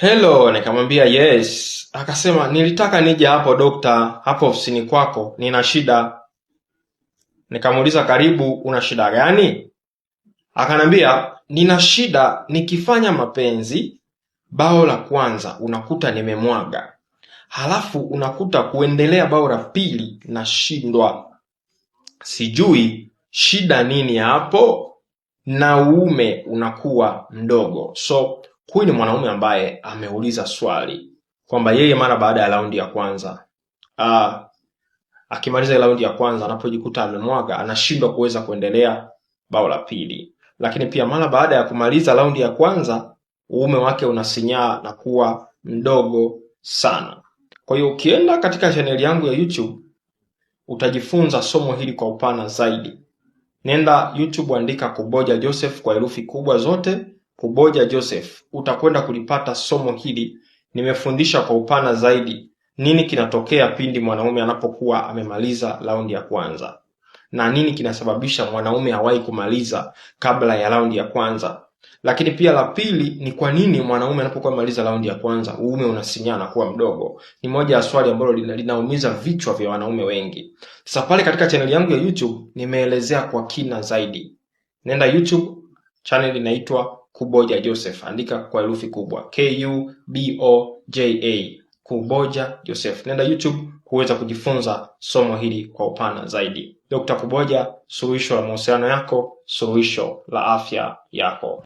hello nikamwambia yes akasema nilitaka nije hapo dokta hapo ofisini kwako nina shida nikamuuliza karibu una shida gani akanambia nina shida nikifanya mapenzi bao la kwanza unakuta nimemwaga halafu unakuta kuendelea bao la pili nashindwa sijui shida nini hapo na uume unakuwa mdogo so Huyu ni mwanaume ambaye ameuliza swali kwamba yeye mara baada ya raundi ya kwanza uh, akimaliza raundi ya kwanza anapojikuta amemwaga anashindwa kuweza kuendelea bao la pili, lakini pia mara baada ya kumaliza raundi ya kwanza uume wake unasinyaa na kuwa mdogo sana. Kwa hiyo ukienda katika chaneli yangu ya YouTube utajifunza somo hili kwa upana zaidi. Nenda YouTube andika Kuboja Joseph kwa herufi kubwa zote Kuboja Joseph utakwenda kulipata somo hili nimefundisha kwa upana zaidi nini kinatokea pindi mwanaume anapokuwa amemaliza raundi ya kwanza na nini kinasababisha mwanaume hawahi kumaliza kabla ya raundi ya kwanza lakini pia la pili ni kwa nini mwanaume anapokuwa amemaliza raundi ya kwanza uume unasinyana kuwa mdogo ni moja ya swali ambalo linaumiza vichwa vya wanaume wengi sasa pale katika chaneli yangu ya youtube nimeelezea kwa kina zaidi nenda youtube chaneli inaitwa Kuboja Joseph, andika kwa herufi kubwa K U B O J A, Kuboja Joseph. Nenda YouTube kuweza kujifunza somo hili kwa upana zaidi. Dr. Kuboja, suluhisho la mahusiano yako, suluhisho la afya yako.